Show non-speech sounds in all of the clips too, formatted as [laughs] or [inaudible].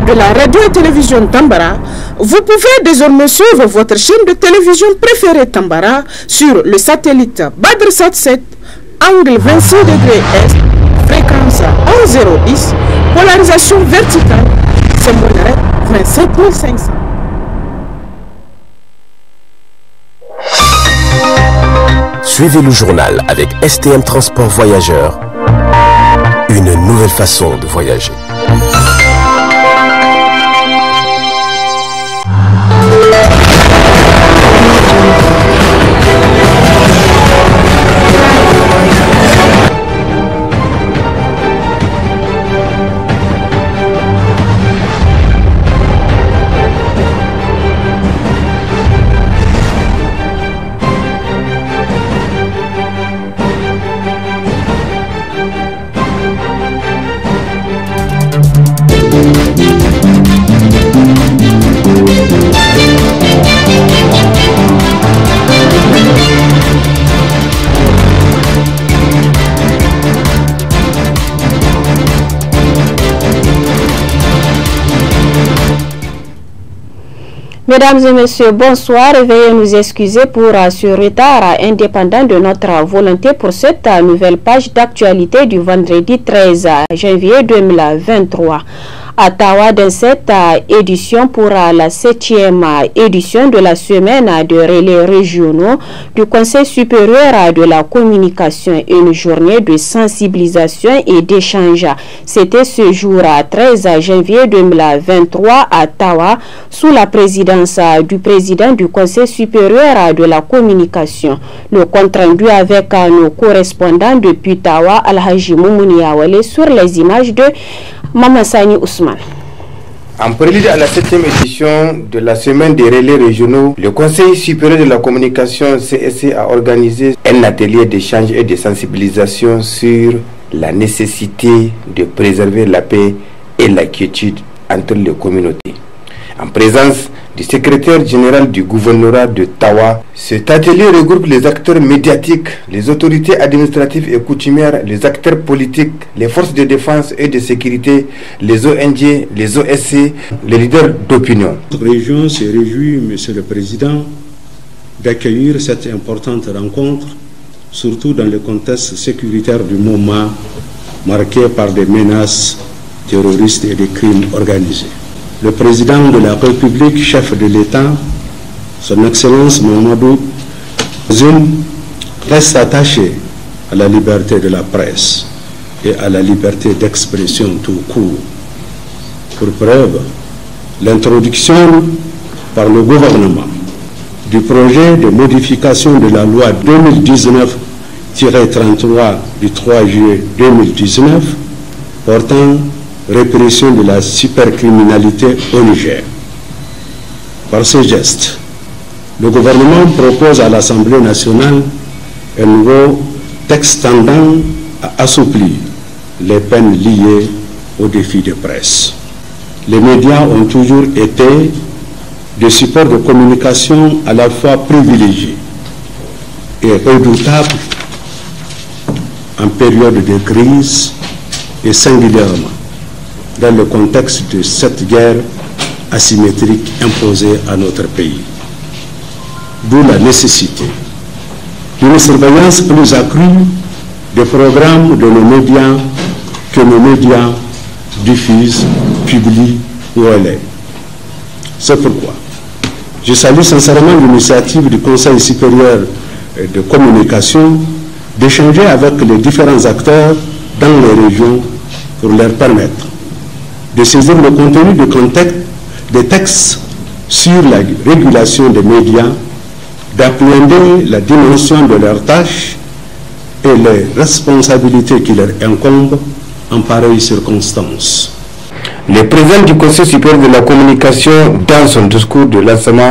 de la radio et télévision Tambara, vous pouvez désormais suivre votre chaîne de télévision préférée Tambara sur le satellite Badr77, angle 26 degrés fréquence 1.0.10, polarisation verticale, symbole 27500. Suivez le journal avec STM Transport Voyageurs, une nouvelle façon de voyager. Mesdames et messieurs, bonsoir veuillez nous excuser pour euh, ce retard euh, indépendant de notre euh, volonté pour cette nouvelle page d'actualité du vendredi 13 janvier 2023. Tawa dans cette euh, édition pour euh, la septième euh, édition de la semaine de relais régionaux du Conseil supérieur de la communication, une journée de sensibilisation et d'échange. C'était ce jour 13 janvier 2023 à Tawa sous la présidence du président du Conseil supérieur de la communication. Le compte rendu avec nos correspondants depuis Tawa Al-Haji sur les images de Maman Sani Ousmane. En prélude à la septième édition de la semaine des relais régionaux, le Conseil supérieur de la communication CSC a organisé un atelier d'échange et de sensibilisation sur la nécessité de préserver la paix et la quiétude entre les communautés. En présence du secrétaire général du gouvernorat de Tawa. Cet atelier regroupe les acteurs médiatiques, les autorités administratives et coutumières, les acteurs politiques, les forces de défense et de sécurité, les ONG, les OSC, les leaders d'opinion. Notre région se réjouit, Monsieur le Président, d'accueillir cette importante rencontre, surtout dans le contexte sécuritaire du moment marqué par des menaces terroristes et des crimes organisés le président de la République, chef de l'État, son Excellence Mamadou Zoum, reste attaché à la liberté de la presse et à la liberté d'expression tout court. Pour preuve, l'introduction par le gouvernement du projet de modification de la loi 2019-33 du 3 juillet 2019 portant répression de la supercriminalité au Niger. Par ce geste, le gouvernement propose à l'Assemblée nationale un nouveau texte tendant à assouplir les peines liées aux défis de presse. Les médias ont toujours été des supports de communication à la fois privilégiés et redoutables en période de crise et singulièrement dans le contexte de cette guerre asymétrique imposée à notre pays. D'où la nécessité d'une surveillance plus accrue des programmes de nos médias que nos médias diffusent, publient ou élèvent. C'est pourquoi je salue sincèrement l'initiative du Conseil supérieur de communication d'échanger avec les différents acteurs dans les régions pour leur permettre de saisir le contenu de contexte des textes sur la régulation des médias, d'appréhender la dimension de leurs tâches et les responsabilités qui leur incombent en pareille circonstances. Le président du Conseil supérieur de la communication, dans son discours de l'Assemblée,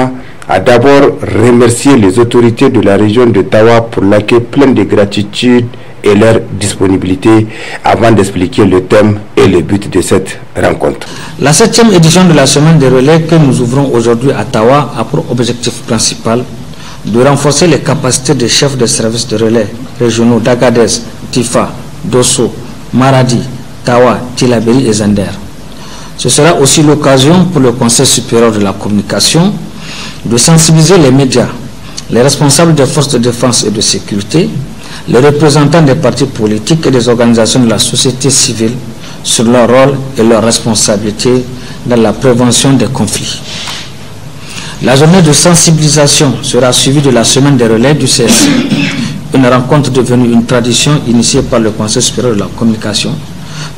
a d'abord remercié les autorités de la région de Tawa pour laquelle plein de gratitude et leur disponibilité avant d'expliquer le thème et le but de cette rencontre. La septième édition de la semaine des relais que nous ouvrons aujourd'hui à Tawa a pour objectif principal de renforcer les capacités des chefs de services de relais régionaux d'Agadez, Tifa, Dosso, Maradi, Tawa, Tilaberi et Zander. Ce sera aussi l'occasion pour le Conseil supérieur de la communication de sensibiliser les médias, les responsables des forces de défense et de sécurité, les représentants des partis politiques et des organisations de la société civile sur leur rôle et leur responsabilité dans la prévention des conflits. La journée de sensibilisation sera suivie de la semaine des relais du CSI, une rencontre devenue une tradition initiée par le Conseil supérieur de la communication,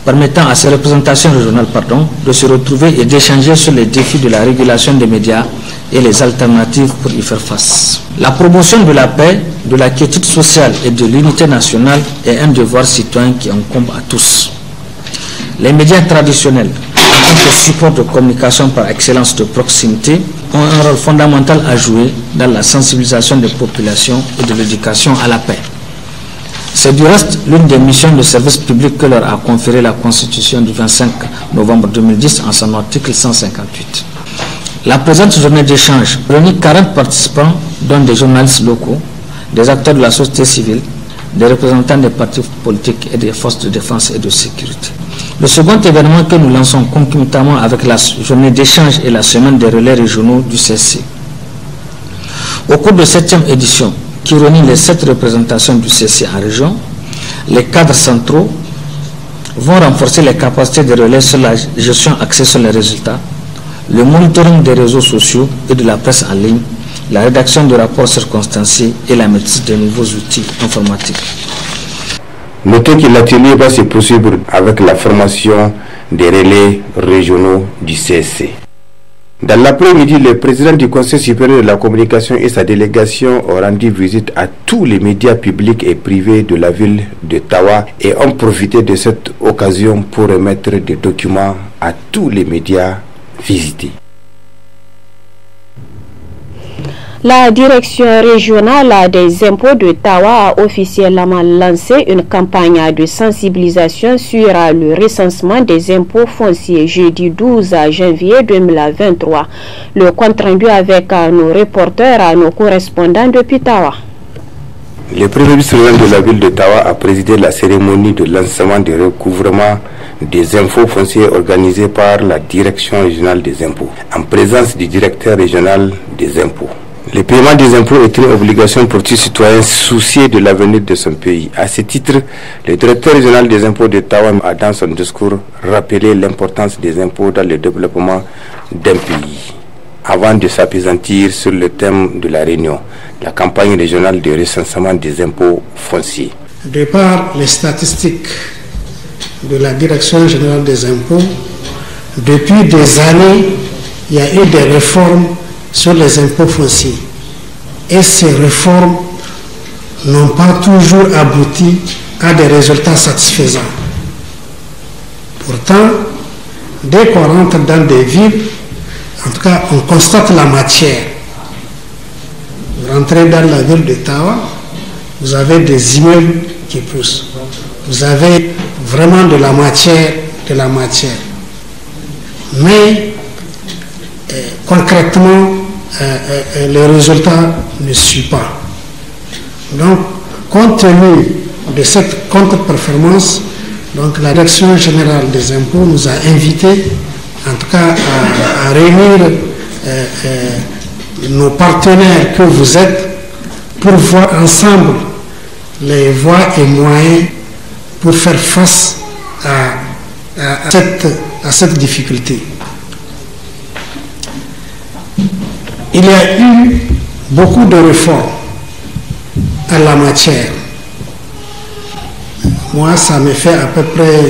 permettant à ces représentations régionales pardon, de se retrouver et d'échanger sur les défis de la régulation des médias et les alternatives pour y faire face. La promotion de la paix, de la quiétude sociale et de l'unité nationale est un devoir citoyen qui incombe à tous. Les médias traditionnels, en tant que support de communication par excellence de proximité, ont un rôle fondamental à jouer dans la sensibilisation des populations et de l'éducation à la paix. C'est du reste l'une des missions de service public que leur a conféré la Constitution du 25 novembre 2010 en son article 158. La présente journée d'échange réunit 40 participants, dont des journalistes locaux, des acteurs de la société civile, des représentants des partis politiques et des forces de défense et de sécurité. Le second événement que nous lançons concomitamment avec la journée d'échange est la semaine des relais régionaux du CC. Au cours de septième édition, qui réunit les sept représentations du CC en région, les cadres centraux vont renforcer les capacités des relais sur la gestion axée sur les résultats, le monitoring des réseaux sociaux et de la presse en ligne, la rédaction de rapports circonstanciés et la maîtrise de nouveaux outils informatiques. Notez que l'atelier va se poursuivre avec la formation des relais régionaux du CSC. Dans l'après-midi, le président du Conseil supérieur de la communication et sa délégation ont rendu visite à tous les médias publics et privés de la ville de Tawa et ont profité de cette occasion pour remettre des documents à tous les médias la direction régionale des impôts de Tawa a officiellement lancé une campagne de sensibilisation sur le recensement des impôts fonciers jeudi 12 janvier 2023. Le compte rendu avec nos reporters, nos correspondants depuis Tawa. Le premier ministre de la ville de Tawa a présidé la cérémonie de lancement de recouvrement des infos fonciers organisée par la Direction régionale des impôts, en présence du directeur régional des impôts. Le paiement des impôts est une obligation pour tout citoyens souciés de l'avenir de son pays. À ce titre, le directeur régional des impôts de Tawa a dans son discours rappelé l'importance des impôts dans le développement d'un pays, avant de s'apaisantir sur le thème de la réunion la campagne régionale de recensement des impôts fonciers. De par les statistiques de la Direction générale des impôts, depuis des années, il y a eu des réformes sur les impôts fonciers. Et ces réformes n'ont pas toujours abouti à des résultats satisfaisants. Pourtant, dès qu'on rentre dans des villes, en tout cas, on constate la matière. Entrez dans la ville de Tawa, vous avez des immeubles qui poussent. Vous avez vraiment de la matière, de la matière. Mais euh, concrètement, euh, euh, les résultats ne suivent pas. Donc, compte tenu de cette contre-performance, donc la direction générale des impôts nous a invités, en tout cas, à, réunir nos partenaires que vous êtes pour voir ensemble les voies et moyens pour faire face à, cette, difficulté. Il y a eu beaucoup de réformes à la matière. Moi, ça me fait à peu près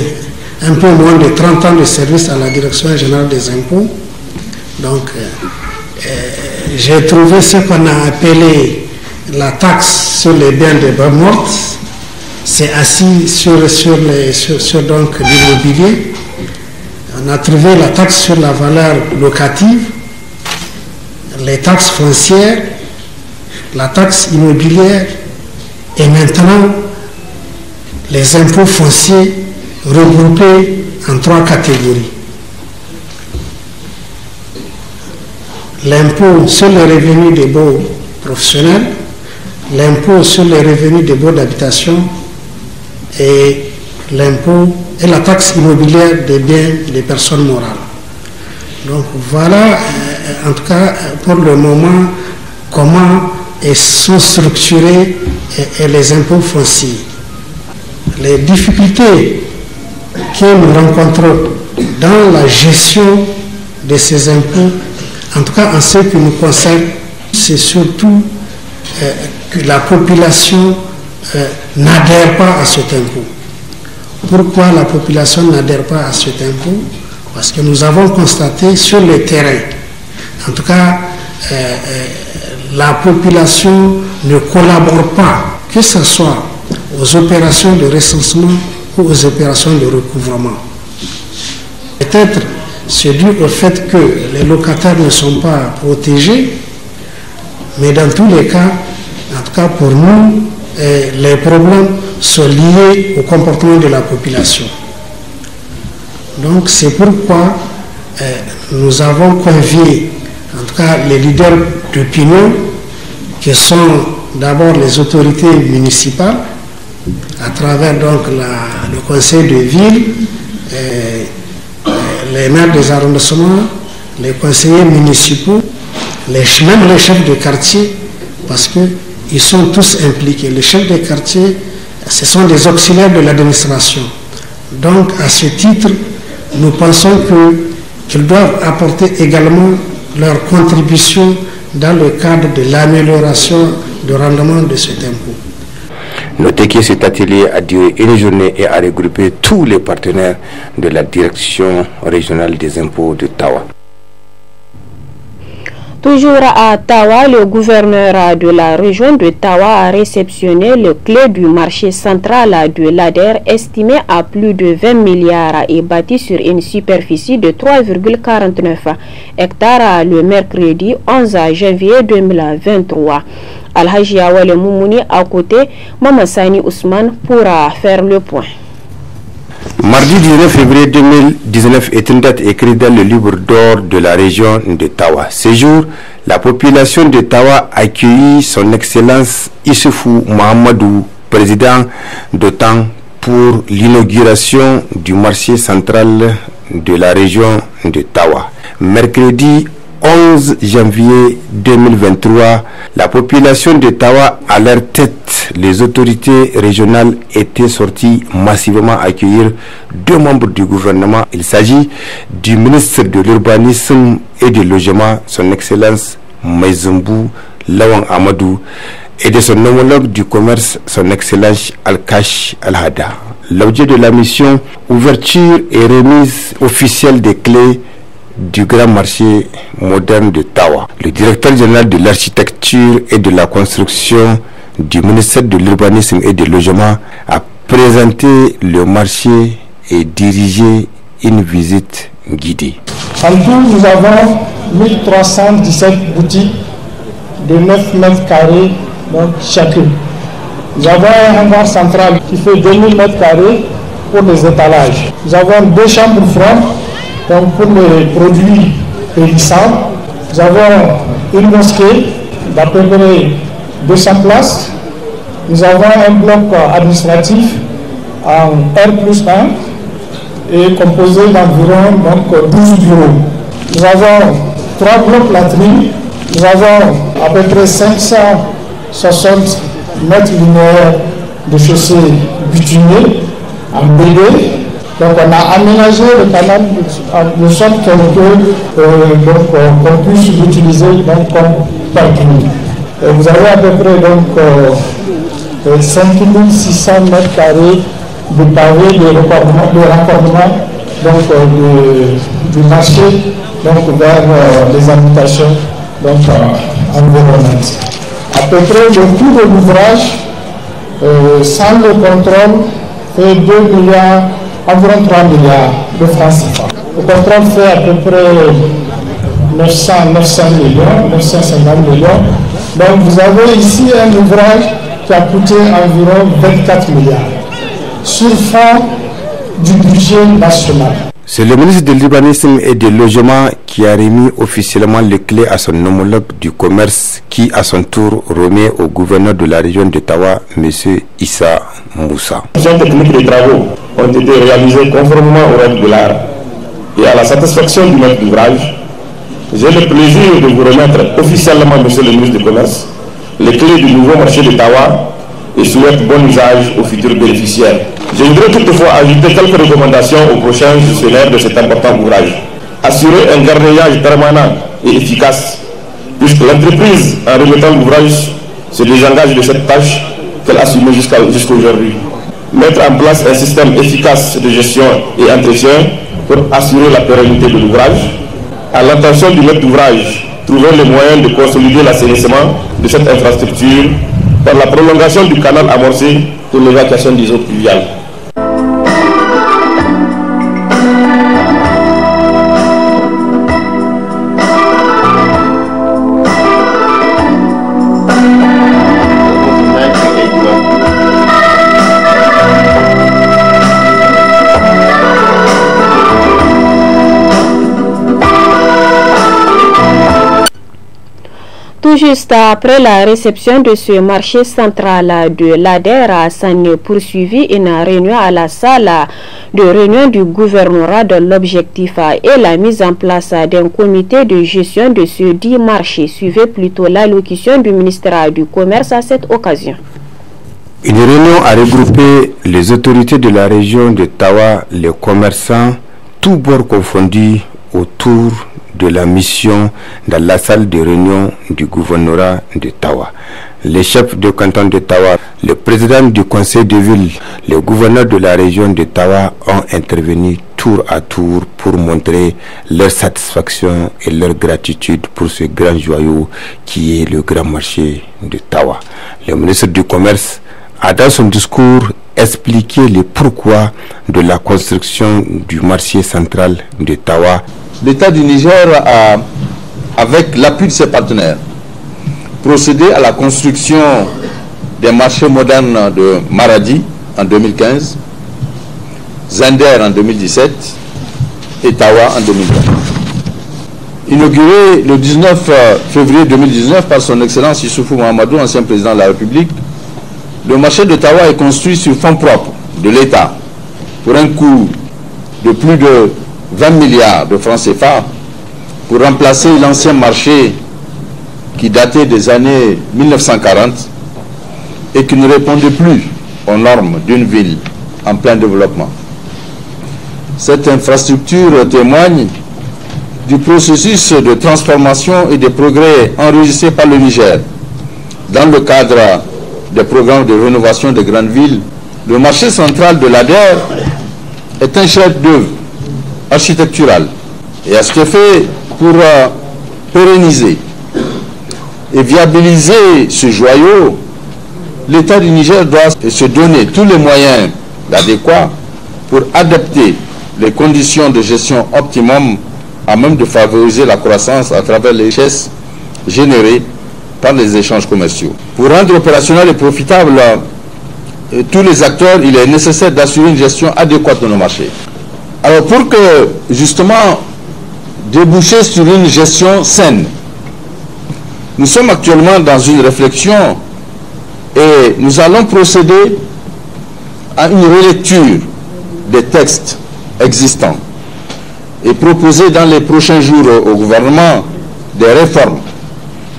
un peu moins de 30 ans de service à la Direction générale des impôts. Donc, euh, euh, j'ai trouvé ce qu'on a appelé la taxe sur les biens de bains mortes. C'est assis sur, sur, les, donc l'immobilier. On a trouvé la taxe sur la valeur locative, les taxes foncières, la taxe immobilière et maintenant les impôts fonciers regroupés en trois catégories. l'impôt sur les revenus des baux professionnels, l'impôt sur les revenus des baux d'habitation et l'impôt et la taxe immobilière des biens des personnes morales. Donc voilà, euh, en tout cas, pour le moment, comment sont structurés euh, les impôts fonciers. Les difficultés que nous rencontrons dans la gestion de ces impôts en tout cas, en ce qui nous concerne, c'est surtout euh, que la population euh, n'adhère pas à cet impôt. Pourquoi la population n'adhère pas à cet impôt Parce que nous avons constaté sur le terrain, en tout cas, euh, la population ne collabore pas, que ce soit aux opérations de recensement ou aux opérations de recouvrement. Peut-être c'est dû au fait que les locataires ne sont pas protégés, mais dans tous les cas, en tout cas pour nous, eh, les problèmes sont liés au comportement de la population. Donc c'est pourquoi eh, nous avons convié, en tout cas les leaders d'opinion, qui sont d'abord les autorités municipales, à travers donc le conseil de ville, eh, les maires des arrondissements, les conseillers municipaux, les, même les chefs de quartier, parce qu'ils sont tous impliqués. Les chefs de quartier, ce sont des auxiliaires de l'administration. Donc, à ce titre, nous pensons qu'ils doivent apporter également leur contribution dans le cadre de l'amélioration du rendement de cet impôt. Notez que cet atelier a duré une journée et a regroupé tous les partenaires de la direction régionale des impôts de Tawa. Toujours à Tawa, le gouverneur de la région de Tawa a réceptionné le clé du marché central de l'ADER estimé à plus de 20 milliards et bâti sur une superficie de 3,49 hectares le mercredi 11 janvier 2023. al hajiawale Moumouni à côté, Mamassani Ousmane pourra faire le point. Mardi 19 février 2019 est une date écrite dans le livre d'or de la région de Tawa. Ce jour, la population de Tawa accueillit son Excellence Issoufou Mahamadou, président d'OTAN, pour l'inauguration du marché central de la région de Tawa. Mercredi 11 janvier 2023, la population de Tawa, à leur tête, les autorités régionales étaient sorties massivement accueillir deux membres du gouvernement. Il s'agit du ministre de l'Urbanisme et du Logement, son Excellence Maizumbu Lawang Amadou, et de son homologue du commerce, son Excellence Al-Kash Al-Hada. L'objet de la mission, ouverture et remise officielle des clés du grand marché moderne de Tawa. Le directeur général de l'architecture et de la construction du ministère de l'urbanisme et du logement a présenté le marché et dirigé une visite guidée. En nous avons 1317 boutiques de 9 mètres carrés donc chacune. Nous avons un hangar central qui fait 2000 mètres carrés pour les étalages. Nous avons deux chambres front. Donc pour les produits périssables, nous avons une mosquée d'à peu près 200 places. Nous avons un bloc administratif en R plus 1 et composé d'environ 12 bureaux. Nous avons trois blocs latrines. Nous avons à peu près 560 mètres linéaires de chaussée bitumée en BD donc on a aménagé le canal de euh, sorte qu'on euh, donc, euh, puisse l'utiliser comme parking. Euh, vous avez à peu près donc 5600 mètres carrés de pavés de raccordement, de raccordement donc, du marché donc, vers les habitations donc, environnantes. À peu près le coût de l'ouvrage, sans le contrôle, et 2 milliards environ 3 milliards de francs CFA. Le contrat fait à peu près 900, 900 millions, 950 millions. Donc vous avez ici un ouvrage qui a coûté environ 24 milliards sur fond du budget national. C'est le ministre de l'Urbanisme et des Logements qui a remis officiellement les clés à son homologue du commerce qui, à son tour, remet au gouverneur de la région d'Ottawa, M. Issa Moussa. technique des travaux ont été réalisés conformément au règles de l'art et à la satisfaction du maître d'ouvrage, j'ai le plaisir de vous remettre officiellement, Monsieur le ministre de Commerce, les clés du nouveau marché de Tawa et souhaite bon usage aux futurs bénéficiaires. Je voudrais toutefois ajouter quelques recommandations au prochain gestionnaire de cet important ouvrage. Assurer un gardiennage permanent et efficace, puisque l'entreprise, en remettant l'ouvrage, se désengage de cette tâche qu'elle assume jusqu'à aujourd'hui mettre en place un système efficace de gestion et entretien pour assurer la pérennité de l'ouvrage. À l'intention du maître d'ouvrage, trouver les moyens de consolider l'assainissement de cette infrastructure par la prolongation du canal amorcé pour l'évacuation des eaux pluviales. Tout juste après la réception de ce marché central de l'ADER, s'en poursuivi une réunion à la salle de réunion du gouvernorat dont l'objectif et la mise en place d'un comité de gestion de ce dit marché. Suivez plutôt l'allocution du ministère du Commerce à cette occasion. Une réunion a regroupé les autorités de la région de Tawa, les commerçants, tout bord confondus, autour de la mission dans la salle de réunion du gouvernorat de Tawa. Les chefs de canton de Tawa, le président du conseil de ville, le gouverneur de la région de Tawa ont intervenu tour à tour pour montrer leur satisfaction et leur gratitude pour ce grand joyau qui est le grand marché de Tawa. Le ministre du Commerce a dans son discours expliquer le pourquoi de la construction du marché central de Tawa. L'État du Niger a, avec l'appui de ses partenaires, procédé à la construction des marchés modernes de Maradi en 2015, Zander en 2017 et Tawa en 2020 inauguré le 19 euh, février 2019 par son Excellence Issoufou Mahamadou, ancien président de la République, le marché d'Ottawa est construit sur fonds propres de l'État pour un coût de plus de 20 milliards de francs CFA pour remplacer l'ancien marché qui datait des années 1940 et qui ne répondait plus aux normes d'une ville en plein développement. Cette infrastructure témoigne du processus de transformation et de progrès enregistrés par le Niger dans le cadre des programmes de rénovation des grandes villes, le marché central de l'ADER est un chef-d'œuvre architectural. Et à ce fait, pour euh, pérenniser et viabiliser ce joyau, l'État du Niger doit se donner tous les moyens adéquats pour adapter les conditions de gestion optimum à même de favoriser la croissance à travers les richesses générées par les échanges commerciaux. Pour rendre opérationnel et profitable euh, tous les acteurs, il est nécessaire d'assurer une gestion adéquate de nos marchés. Alors pour que justement déboucher sur une gestion saine, nous sommes actuellement dans une réflexion et nous allons procéder à une relecture des textes existants et proposer dans les prochains jours au gouvernement des réformes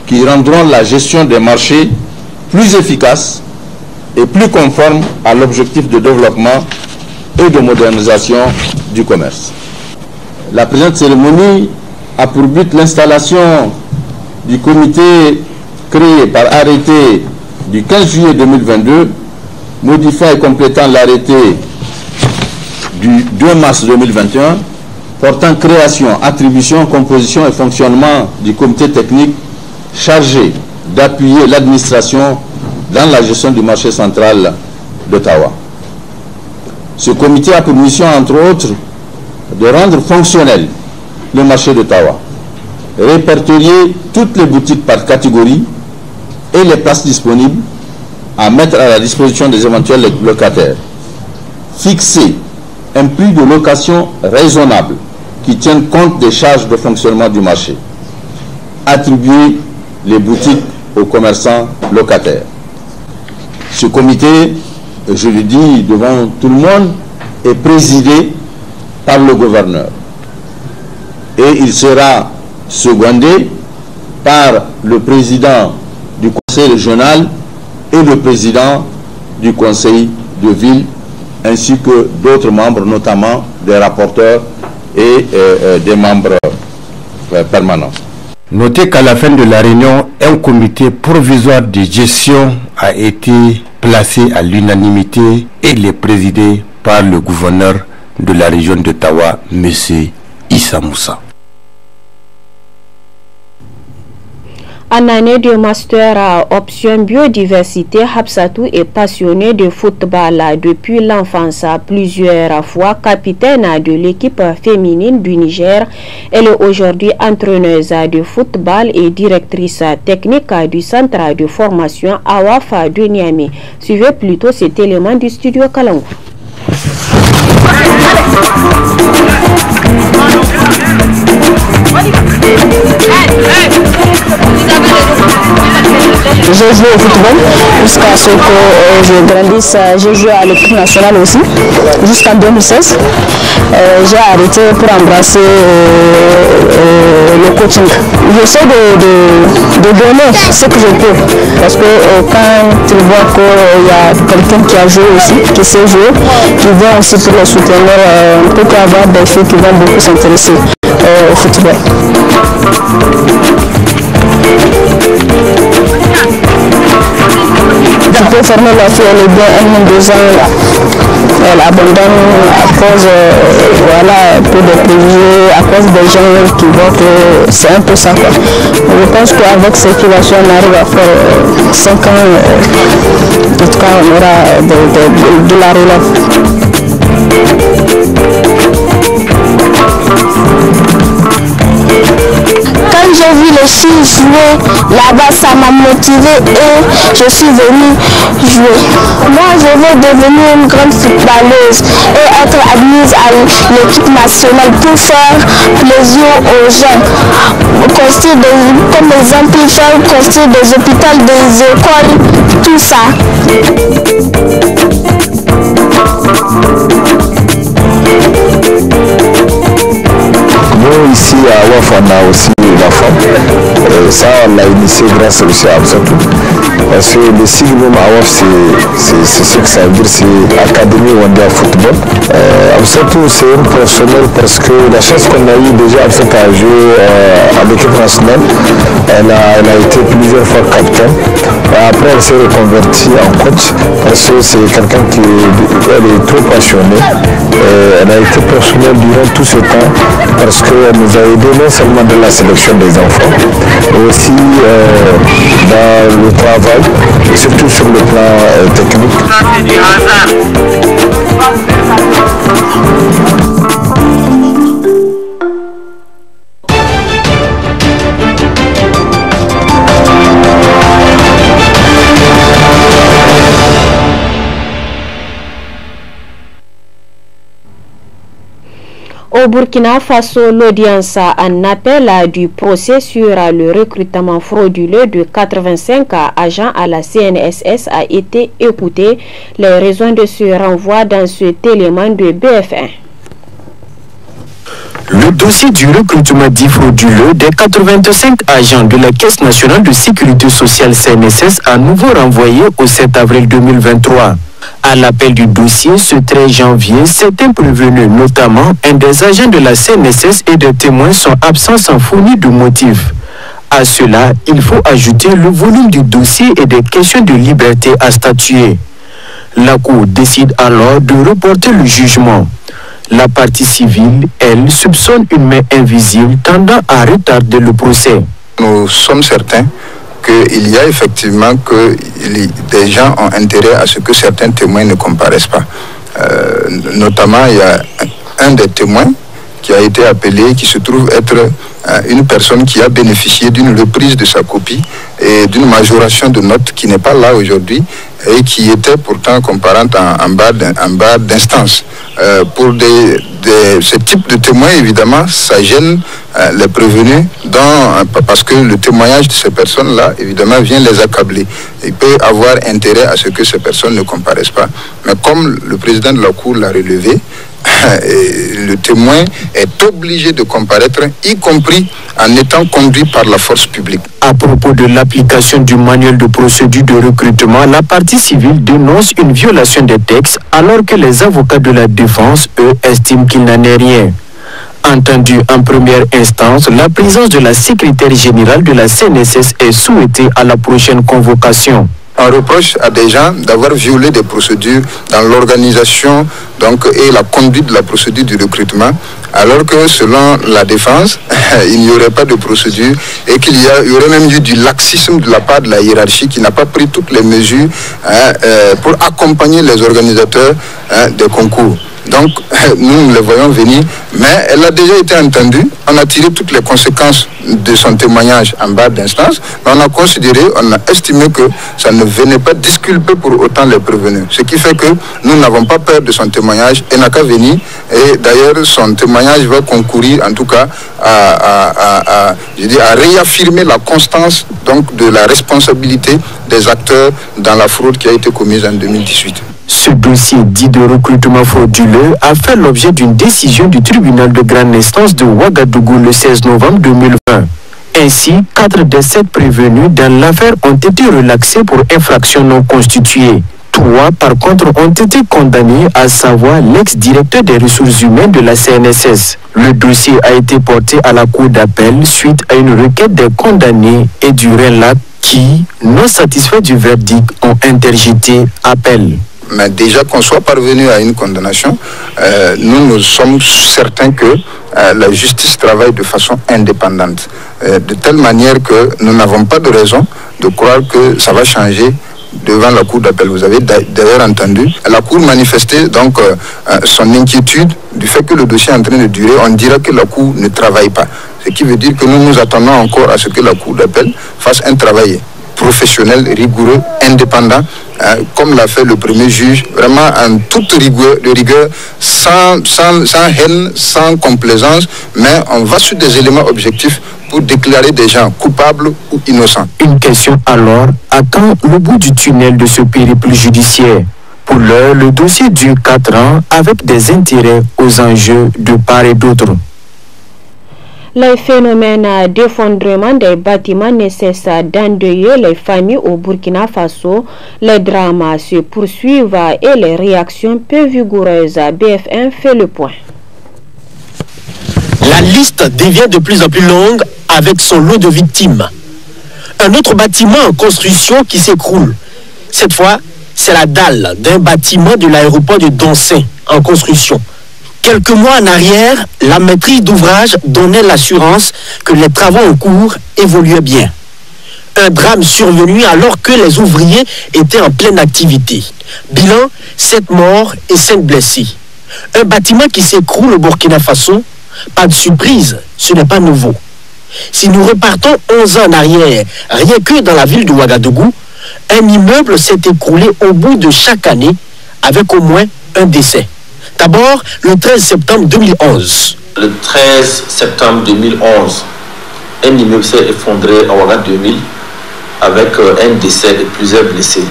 qui rendront la gestion des marchés plus efficace et plus conforme à l'objectif de développement et de modernisation du commerce. La présente cérémonie a pour but l'installation du comité créé par arrêté du 15 juillet 2022, modifiant et complétant l'arrêté du 2 mars 2021 portant création, attribution, composition et fonctionnement du comité technique chargé d'appuyer l'administration dans la gestion du marché central d'Ottawa. Ce comité a pour mission, entre autres, de rendre fonctionnel le marché d'Ottawa, répertorier toutes les boutiques par catégorie et les places disponibles à mettre à la disposition des éventuels locataires, fixer un prix de location raisonnable qui tienne compte des charges de fonctionnement du marché, attribuer les boutiques aux commerçants locataires. Ce comité, je le dis devant tout le monde, est présidé par le gouverneur. Et il sera secondé par le président du conseil régional et le président du conseil de ville, ainsi que d'autres membres, notamment des rapporteurs et euh, euh, des membres euh, permanents. Notez qu'à la fin de la réunion, un comité provisoire de gestion a été placé à l'unanimité et il est présidé par le gouverneur de la région d'Ottawa, M. Issa Moussa. En année de master à option biodiversité, Hapsatou est passionnée de football depuis l'enfance. Plusieurs fois capitaine de l'équipe féminine du Niger, elle est aujourd'hui entraîneuse de football et directrice technique du centre de formation Awafa de Niamey. Suivez plutôt cet élément du studio Kalangou. J'ai joué au football jusqu'à ce que euh, je grandisse. Euh, j'ai joué à l'équipe nationale aussi jusqu'en 2016. Euh, j'ai arrêté pour embrasser le coaching. J'essaie de, donner ce que je peux parce que quand tu vois qu'il y a quelqu'un qui a joué aussi, qui sait jouer, qui vient aussi pour le soutenir, on peut avoir des filles qui vont beaucoup s'intéresser football xutba concernant la elle les biens un ans. elle abandonne à cause euh, voilà, pour de préjugés, à cause des gens qui voient que c'est un peu ça. Quoi. Je pense qu'avec cette situation, on arrive à faire 5 euh, ans, euh, en tout cas on aura de, de, de la relève. quand j'ai vu les filles jouer là-bas, ça m'a motivé et je suis venue jouer. Moi, je veux devenir une grande footballeuse et être admise à l'équipe nationale pour faire plaisir aux gens. Construire des, comme des construire des hôpitaux, des écoles, tout ça ici à Waf on a aussi la femme. Et ça, on l'a initié grâce aussi à Absatou. Parce que le signe même à c'est ce que ça veut dire, c'est Académie Wanda Football. Euh, c'est un professionnel parce que la chance qu'on a eu déjà à jouer euh, avec l'équipe nationale, elle a, elle a été plusieurs fois elle s'est reconvertie en coach parce que c'est quelqu'un qui est, très passionné. Euh, elle a été personnelle durant tout ce temps parce qu'elle nous a aidé non seulement dans la sélection des enfants, mais aussi euh, dans le travail, surtout sur le plan euh, technique. Au Burkina Faso, l'audience en appel du procès sur le recrutement frauduleux de 85 agents à la CNSS a été écoutée. Les raisons de ce renvoi dans cet élément de BF1. Le dossier du recrutement dit frauduleux des 85 agents de la Caisse nationale de sécurité sociale CNSS a nouveau renvoyé au 7 avril 2023. À l'appel du dossier, ce 13 janvier, certains prévenus, notamment un des agents de la CNSS et des témoins, sont absents sans fournir de motif. À cela, il faut ajouter le volume du dossier et des questions de liberté à statuer. La Cour décide alors de reporter le jugement. La partie civile, elle, soupçonne une main invisible tendant à retarder le procès. Nous sommes certains qu'il y a effectivement que des gens ont intérêt à ce que certains témoins ne comparaissent pas. Euh, notamment, il y a un des témoins qui a été appelé, qui se trouve être euh, une personne qui a bénéficié d'une reprise de sa copie et d'une majoration de notes qui n'est pas là aujourd'hui et qui était pourtant comparante en, en bas d'instance. Euh, pour ce type de témoins, évidemment, ça gêne euh, les prévenus parce que le témoignage de ces personnes-là, évidemment, vient les accabler. Il peut avoir intérêt à ce que ces personnes ne comparaissent pas. Mais comme le président de la Cour l'a relevé, [coughs] le témoin est obligé de comparaître, y compris en étant conduit par la force publique. À propos de l'application du manuel de procédure de recrutement, la partie civile dénonce une violation des textes alors que les avocats de la défense, eux, estiment qu'il n'en est rien. Entendu en première instance, la présence de la secrétaire générale de la CNSS est souhaitée à la prochaine convocation on reproche à des gens d'avoir violé des procédures dans l'organisation donc et la conduite de la procédure du recrutement, alors que selon la défense, [laughs] il n'y aurait pas de procédure et qu'il y, aurait même eu du laxisme de la part de la hiérarchie qui n'a pas pris toutes les mesures hein, euh, pour accompagner les organisateurs hein, des concours. Donc, [laughs] nous le voyons venir, mais elle a déjà été entendue. On a tiré toutes les conséquences de son témoignage en bas d'instance, mais on a considéré, on a estimé que ça ne venait pas disculper pour autant les prévenus. Ce qui fait que nous n'avons pas peur de son témoignage et n'a qu'à venir. Et d'ailleurs, son témoignage va concourir, en tout cas, à, à, réaffirmer la constance donc, de la responsabilité des acteurs dans la fraude qui a été commise en 2018. Ce dossier dit de recrutement frauduleux a fait l'objet d'une décision du tribunal de grande instance de Ouagadougou le 16 novembre 2020. Ainsi, quatre des sept prévenus dans l'affaire ont été relaxés pour infraction non constituée. Trois, par contre, ont été condamnés, à savoir l'ex-directeur des ressources humaines de la CNSS. Le dossier a été porté à la cour d'appel suite à une requête des condamnés et du RELAC qui, non satisfaits du verdict, ont interjeté appel. Mais déjà qu'on soit parvenu à une condamnation, euh, nous, nous sommes certains que euh, la justice travaille de façon indépendante, euh, de telle manière que nous n'avons pas de raison de croire que ça va changer devant la Cour d'appel. Vous avez d'ailleurs entendu la Cour manifester donc son inquiétude du fait que le dossier est en train de durer. On dira que la Cour ne travaille pas. Ce qui veut dire que nous nous attendons encore à ce que la Cour d'appel fasse un travail professionnel, rigoureux, indépendant, euh, comme l'a fait le premier juge, vraiment en toute rigueur, sans, sans haine, sans complaisance, mais on va sur des éléments objectifs pour déclarer des gens coupables ou innocents. Une question alors, à quand le bout du tunnel de ce périple judiciaire Pour l'heure, le dossier dure 4 ans avec des intérêts aux enjeux de part et d'autre. Les phénomènes d'effondrement des bâtiments nécessitent d'endeuiller les familles au Burkina Faso. Les drames se poursuivent et les réactions peu vigoureuses. BFM fait le point. La liste devient de plus en plus longue avec son lot de victimes. Un autre bâtiment en construction qui s'écroule. Cette fois, c'est la dalle d'un bâtiment de l'aéroport de Dansin en construction. Quelques mois en arrière, la maîtrise d'ouvrage donnait l'assurance que les travaux en cours évoluaient bien. Un drame survenu alors que les ouvriers étaient en pleine activité. Bilan, sept morts et 5 blessés. Un bâtiment qui s'écroule au Burkina Faso, pas de surprise, ce n'est pas nouveau. Si nous repartons 11 ans en arrière, rien que dans la ville de Ouagadougou, un immeuble s'est écroulé au bout de chaque année avec au moins un décès. D'abord, le 13 septembre 2011. Le 13 septembre 2011, un immeuble s'est effondré à Ouagadougou, 2000 avec euh, un décès et plusieurs blessés.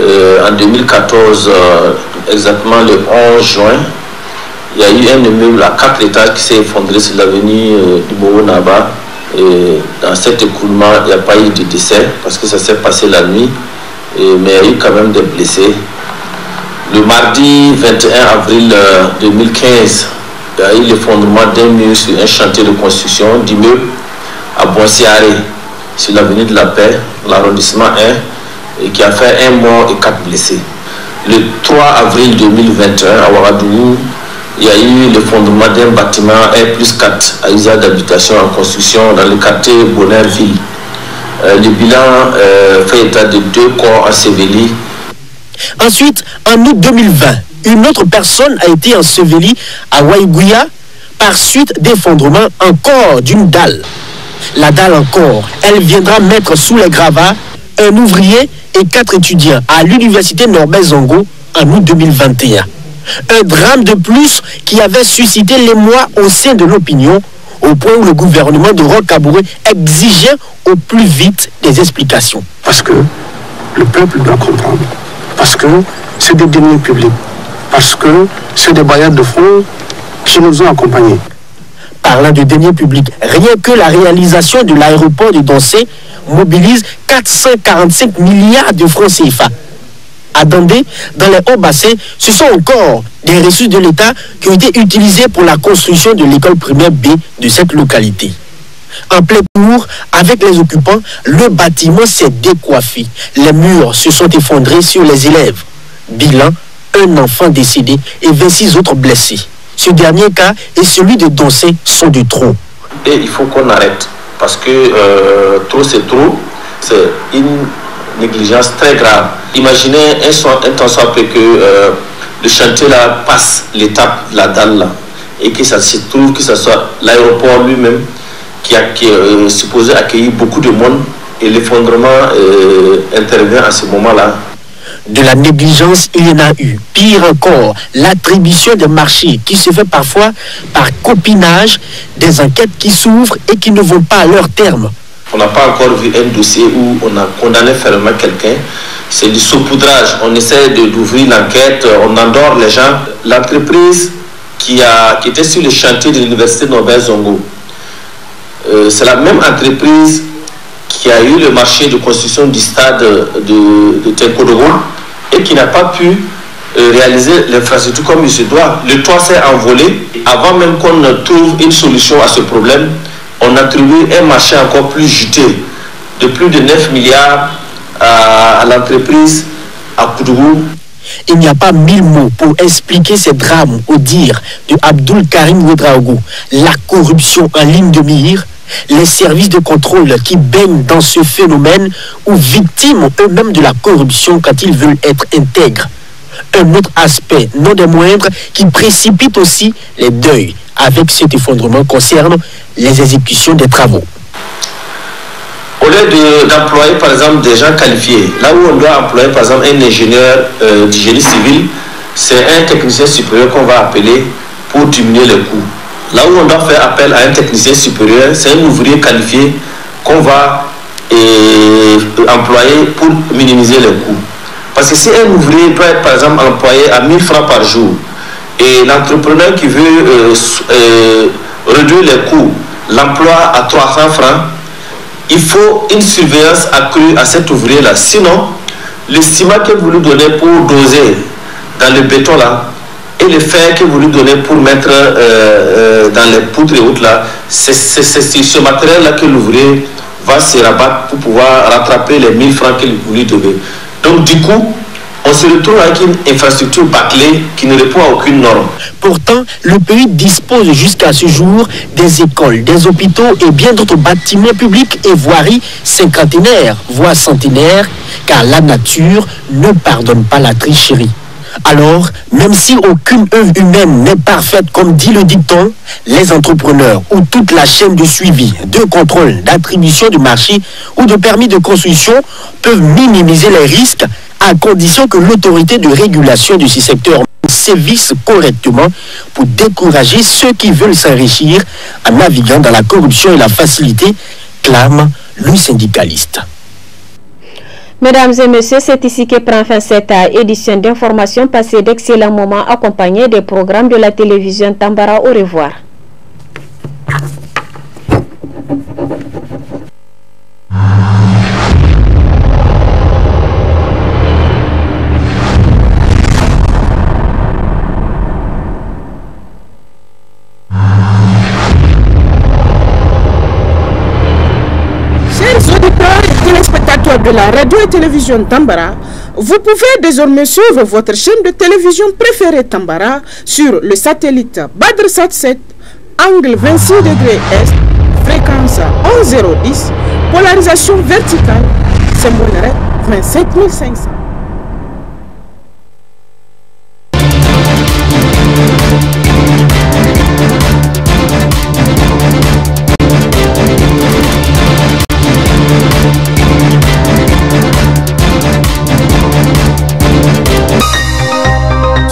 Euh, en 2014, euh, exactement le 11 juin, il y a eu un immeuble à quatre étages qui s'est effondré sur l'avenue du Boronaba. Et dans cet écoulement, il n'y a pas eu de décès parce que ça s'est passé la nuit, mais il y a eu quand même des blessés. Le mardi 21 avril 2015, il y a eu le fondement d'un mur un chantier de construction d'immeuble à Boissiaré, sur l'avenue de la Paix, l'arrondissement 1, et qui a fait un mort et quatre blessés. Le 3 avril 2021, à Ouagadougou, il y a eu le fondement d'un bâtiment R plus 4 à usage d'habitation en construction dans le quartier Bonnerville. Euh, le bilan euh, fait état de deux corps ensevelis Ensuite, en août 2020, une autre personne a été ensevelie à Waiguya par suite d'effondrement encore d'une dalle. La dalle encore, elle viendra mettre sous les gravats un ouvrier et quatre étudiants à l'université Norbert Zongo en août 2021. Un drame de plus qui avait suscité l'émoi au sein de l'opinion au point où le gouvernement de Rocabouré exigeait au plus vite des explications. Parce que le peuple doit comprendre parce que c'est des deniers publics, parce que c'est des bailleurs de fonds qui nous ont accompagnés. Parlant de deniers publics, rien que la réalisation de l'aéroport de Dansé mobilise 445 milliards de francs CFA. À dans les hauts bassins, ce sont encore des ressources de l'État qui ont été utilisées pour la construction de l'école primaire B de cette localité en plein cours avec les occupants, le bâtiment s'est décoiffé. Les murs se sont effondrés sur les élèves. Bilan, un enfant décédé et 26 autres blessés. Ce dernier cas et celui de danser sont du trop. Et il faut qu'on arrête parce que euh, trop c'est trop. C'est une négligence très grave. Imaginez un, temps après que euh, le chantier là passe l'étape, la dalle et que ça se trouve, que ce soit l'aéroport lui-même, qui a, euh, supposé accueillir beaucoup de monde et l'effondrement euh, intervient à ce moment-là. De la négligence, il y en a eu. Pire encore, l'attribution des marchés qui se fait parfois par copinage, des enquêtes qui s'ouvrent et qui ne vont pas à leur terme. On n'a pas encore vu un dossier où on a condamné fermement quelqu'un. C'est du saupoudrage. On essaie d'ouvrir l'enquête, on endort les gens. L'entreprise qui, était sur le chantier de l'université Norbert Zongo, euh, c'est la même entreprise qui a eu le marché de construction du stade de, de et qui n'a pas pu euh, réaliser l'infrastructure comme il se doit. Le toit s'est envolé. Avant même qu'on trouve une solution à ce problème, on attribue un marché encore plus jeté de plus de 9 milliards à, l'entreprise à Koudougou. Il n'y a pas mille mots pour expliquer ces drames au dire de Abdul Karim Ouedraogo. La corruption en ligne de mire, les services de contrôle qui baignent dans ce phénomène ou victimes eux-mêmes de la corruption quand ils veulent être intègres. Un autre aspect, non des moindres, qui précipite aussi les deuils avec cet effondrement concerne les exécutions des travaux au lieu d'employer par exemple des gens qualifiés, là où on doit employer par exemple un ingénieur euh, civile, civil, c'est un technicien supérieur qu'on va appeler pour diminuer les coûts. Là où on doit faire appel à un technicien supérieur, c'est un ouvrier qualifié qu'on va euh, employer pour minimiser les coûts. Parce que si un ouvrier doit être par exemple employé à 1000 francs par jour et l'entrepreneur qui veut euh, euh, réduire les coûts l'emploie à 300 francs, il faut une surveillance accrue à cet ouvrier-là. Sinon, l'estimat que vous lui donnez pour doser dans le béton là, et le fer que vous lui donnez pour mettre euh, euh, dans les poutres et autres là, c'est ce matériel-là que l'ouvrier va se rabattre pour pouvoir rattraper les 1000 francs que vous lui devez. Donc du coup, on se retrouve avec une infrastructure bâclée qui ne répond à aucune norme. Pourtant, le pays dispose jusqu'à ce jour des écoles, des hôpitaux et bien d'autres bâtiments publics et voiries cinquantenaires, voire centenaires, car la nature ne pardonne pas la tricherie. Alors, même si aucune œuvre humaine n'est parfaite comme dit le dicton, les entrepreneurs ou toute la chaîne de suivi, de contrôle, d'attribution du marché ou de permis de construction peuvent minimiser les risques à condition que l'autorité de régulation de ce secteur sévisse correctement pour décourager ceux qui veulent s'enrichir en naviguant dans la corruption et la facilité, clame le syndicaliste. Mesdames et messieurs, c'est ici que prend fin cette euh, édition d'information. passée d'excellents moments accompagnés des programmes de la télévision Tambara. Au revoir. de la radio et télévision Tambara, vous pouvez désormais suivre votre chaîne de télévision préférée Tambara sur le satellite BadrSat 7, angle 26 Est, fréquence 11010, polarisation verticale, symbole 27500.